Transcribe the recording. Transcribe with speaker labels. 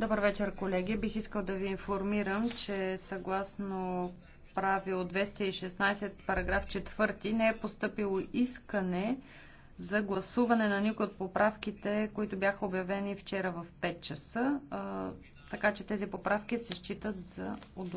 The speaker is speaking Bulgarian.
Speaker 1: Добър вечер, колеги. Бих искал да ви информирам, че съгласно правило 216, параграф 4, не е поступило искане за гласуване на никой от поправките, които бяха обявени вчера в 5 часа. Така че тези поправки се считат за одобрени.